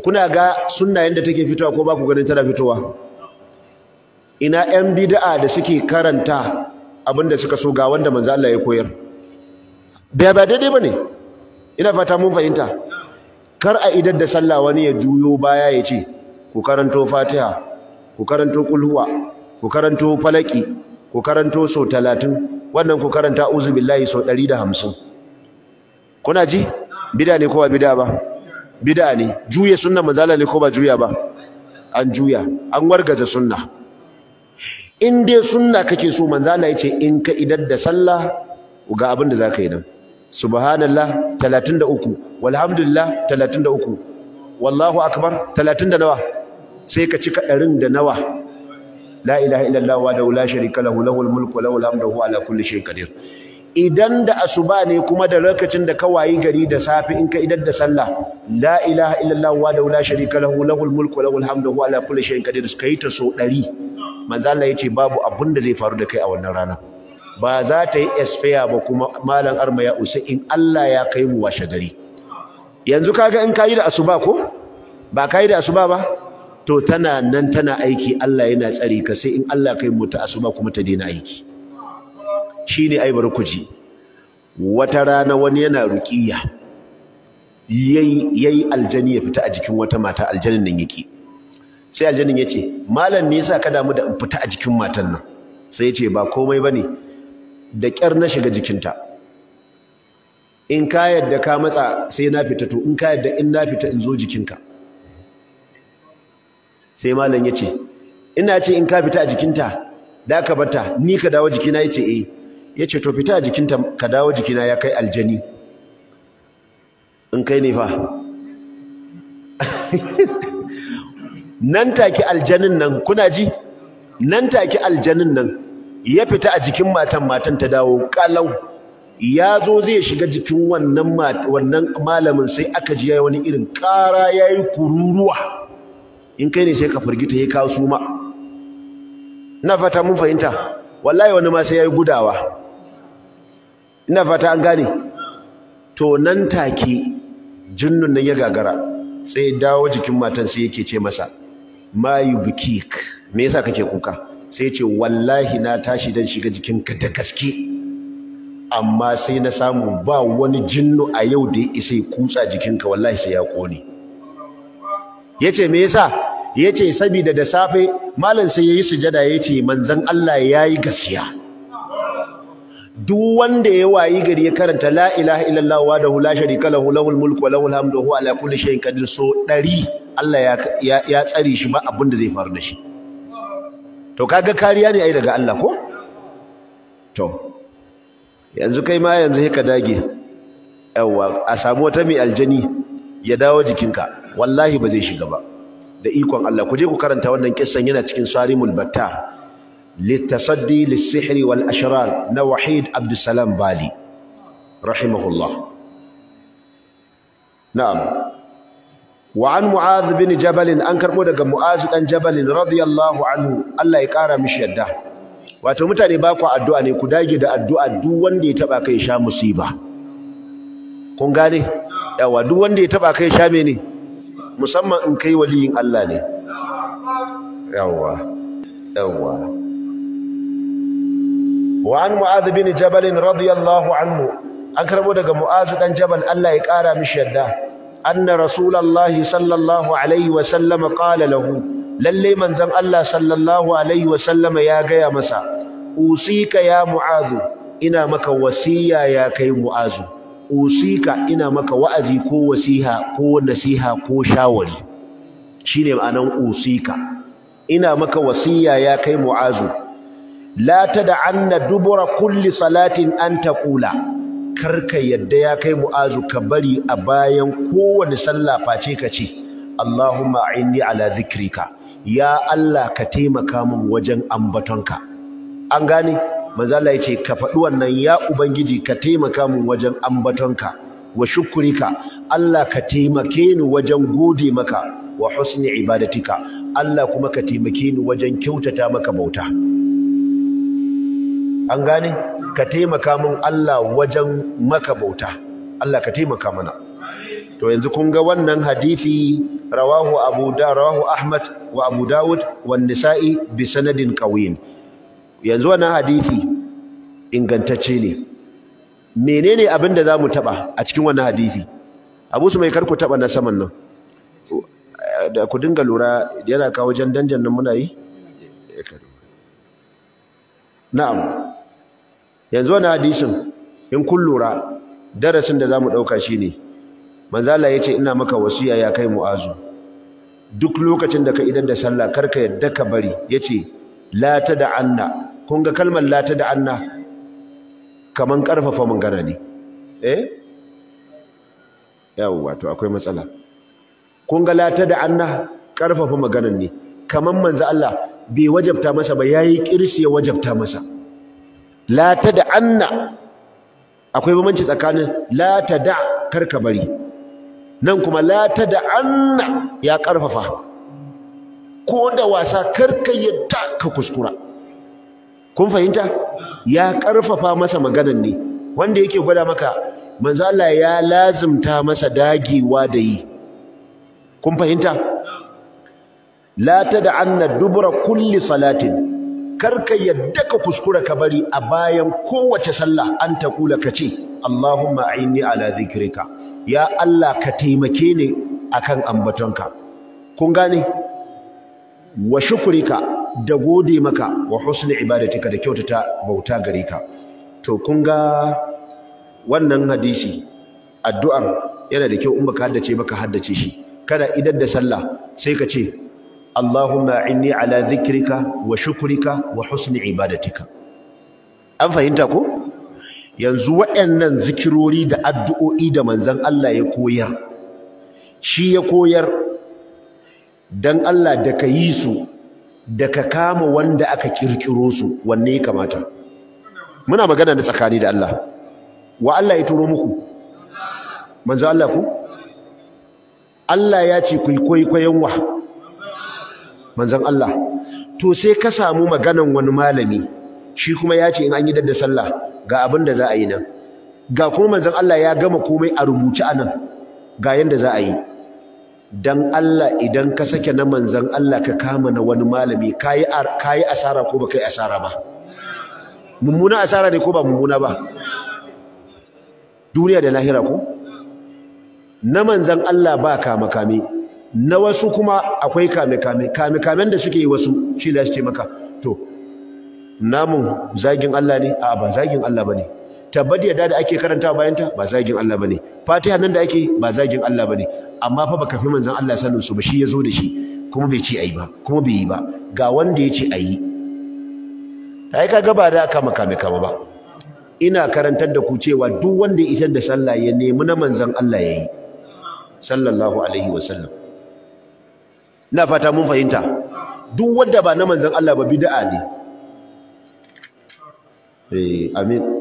kuna ga sunna yanda take fitowa ko ba ku ganin tana fitowa ina yan bid'a da suke karanta abinda suka so ga wanda manzo Allah ya koyar bai ba daidai bane ina fata mun fahimta kar a idan da sallah wani ya juyo baya ya ce ku karanto Fatiha ku karanto kulhuwa ku karanto falaki ku karanto so 30 wannan ku karanta uzu billahi so 150 kuna ji bid'a ne ko ba bid'a ba bid'a ne juya sunna manzala ne ko ba juya ba an juya an wargaza sunna in dai sunna kake so manzala yace in ka idar da sallah ga abin da zaka yi nan subhanallah 33 walhamdulillah 33 wallahu akbar 30 da nawa sai ka cika darin da nawa la ilaha illallah wa la sharika lahu lahul mulku wa lahul wa ala kulli shay'in qadir idan da asuba ne kuma da lokacin da wayi gari da safi in ka idar da sallah la ilaha illallah wa la sharika lahu lahul mulku wa lahul hamdu wa ala kulli shay'in qadir kai ta so 100 manzo Allah yace babu abun da zai faru da kai a wannan rana ba za ta yi espaya ba kuma malam arma ya usai in Allah ya kai mu washe gari yanzu kaga in kayi da asuba ko ba kayi da asuba ba to tana nan tana aiki Allah yana tsare ka sai in Allah kai mu ta asuba kuma ta daina aiki shine ai bar ku ji wata rana wani yana ruqiya yayi yayi aljani ya fita a jikin wata mata aljanin nan yake sai aljanin ya ce malam me yasa ka damu da in fita a jikin matan nan sai ya ce ba komai bane da kyar na shiga jikinta in ka yadda ka matsa sai na fita to in ka yadda in na fita in zo jikinka sai malam ya ce ina ce in ka fita a jikinta da ka bata ni ka dawo jikina ya ce eh ya ce to fita a jikinta ka dawo jikina ya kai aljani in kai ne fa nan take aljanin nan kuna ji nan take aljanin nan ya fita a jikin matan matan ta dawo kalau ya zo zai shiga jikin wannan wannan malamin sai aka ji yayi wani irin kara yayi kururuwa in kai ne sai ka firgita ya kawo suma na fata mun fahimta wallahi wani ma sai yayi gudawa ina fata an gane to nan take jinnun nan ya gagara sai ya dawo jikin matan sai yake ce masa Mayu yubkik me yasa kake kuka sai ya ce wallahi na tashi dan shiga jikinka da gaske amma sai na samu ba wani jinnu a yau da ya isa ya kutsa jikinka wallahi sai ya kone yace me yasa yace saboda da safe malam sai yayi sujada yace manzon Allah yayi gaskiya duk wanda ya wayi gari ya karanta la ilaha illallah dahu la sharika lahu lahul mulku wa lahul hamdu huwa ala kulli shay'in qadir so 100 Allah ya ya tsare shi ba abin da zai faru da shi to kaga kariya ne ai daga Allah ko to yanzu kai ma yanzu haka dage yawa a samu wata mai aljani ya dawo jikinka wallahi ba zai shiga ba da ikon Allah ku je ku karanta wannan kisan yana cikin Sarimul Battar litasaddi lisihri wal ashrar na Wahid Abdussalam Bali rahimahullah na'am wa an Mu'adh an karbo daga Mu'adh dan Jabal radiyallahu anhu Allah ya kara mishi yadda wato mutane ba ku addu'a ne ku dage da addu'a duk wanda ya taba kai sha musiba kun gane yawa duk wanda ya taba kai sha mene ne musamman in kai waliyin Allah ne yawwa yawwa wa an mu'adh bin jabal radiyallahu anhu an karbo daga mu'adh dan jabal Allah ya kara mishi yadda anna rasulullahi sallallahu alaihi wa sallama qala lahu lalle manzon Allah sallallahu alaihi wa sallama ya gaya masa usika ya mu'adh ina maka wasiya ya kai mu'adh usika ina maka wa'azi ko wasiha ko nasiha ko shawari shine ma'anan usika ina maka wasiya ya kai mu'azu la tad'anna dubura kulli salatin an taqula karka yadda ya kai mu'azu ka bari a bayan kowane sallah face ka ce Allahumma inni ala dhikrika ya Allah ka taimaka mun wajen ambatonka an gane manzo Allah yace ka faɗi wannan ya ubangiji ka taimaka min wajen ambatonka wa shukurika Allah ka taimake ni wajen gode maka wa husni ibadatika Allah kuma ka taimake ni wajen kyautata maka bauta an gane ka taimaka min Allah wajen maka bauta Allah ka taimaka mana to yanzu kun ga wannan hadisi rawahu abu da rawahu ahmad wa abu dawud wa nisa'i bi sanadin qawiyin yanzu wannan hadisi ingantacce ne menene abin da zamu taba a cikin wannan hadisi Abu Sumai kar ku taba na saman nan eh, da ku dinga lura yana kawo jan danjan nan muna yi na'am yanzu wannan hadisin in kun lura darasin da zamu dauka shine manzo Allah yace ina maka wasiya ya kai mu'azu duk lokacin da ka idan da sallah kar ka yadda ka bari yace la Anna. kun ga kalmar lata da anna kaman karfafa magana ne eh yawwa to akwai matsala kun ga lata da anna karfafa maganan ne kaman manzo Allah bai wajabta masa ba yayi kirshi ya wajabta masa lata da anna akwai bambanci tsakanin lata da karka bari nan kuma lata da anna ya karfafa ko da wasa karka yadda ka kuskura kun fahimta ya karfafa masa maganan ne wanda yake gwada maka manzo Allah ya lazimta masa dagewa da yi kun fahimta la anna dubra kulli salatin karka yadda ka kuskura ka bari a bayan kowace sallah an ta kula ka ce Allahumma a'inni ala dhikrika ya Allah ka taimake ni akan ambatonka kun gane wa shukrika da gode maka wa husni ibadatika da kyautata bauta gare ka to kun ga wannan hadisi addu'an yana da kyau in baka haddace baka haddace shi kada idan da sallah sai ka ce Allahumma inni ala dhikrika wa shukrika wa husni ibadatika an fahimta ko yanzu waɗannan zikirori da addu'o'i da manzon Allah ya koyar shi ya koyar dan Allah da ka yi su da ka kama wanda aka kirkiro su wanne ya kamata muna magana da tsakani da Allah wa Allah ya turo muku manzo Allah ku Allah ya ce ku kwaikwayon wa manzon Allah to sai ka samu maganan wani malami shi kuma ya ce in an yi dadda sallah ga abin da za a yi nan ga kuma manzon Allah ya gama komai a rubuce anan ga yanda za a yi dan Allah idan ka sake na manzan Allah ka kama na wani malami ka yi asara ko baka yi asara ba mummuna asara ne ko ba mummuna ba duniya da lahira ko na manzan Allah ba kama kame na wasu kuma akwai kame kame kame kamen da suke yi wasu shi la ce maka to namun zagin Allah ne a ba zagin Allah bane tabbat yadda da ake karanta bayan ta ba zagin Allah bane fatiha nan da ake ba zagin Allah bane amma fa baka fi manzon Allah sallallahu alaihi wasallam shi yazo da shi kuma bai ce ayi ba kuma bai yi ba ga wanda ya ce ayi ai kaga ba da kama kame kama ba ina karantar da ku cewa duk wanda ya isar da sallah ya nemi na manzon Allah yayi sallallahu alaihi wasallam na fata mun fahimta duk wanda ba na manzon Allah ba bid'a ne eh amin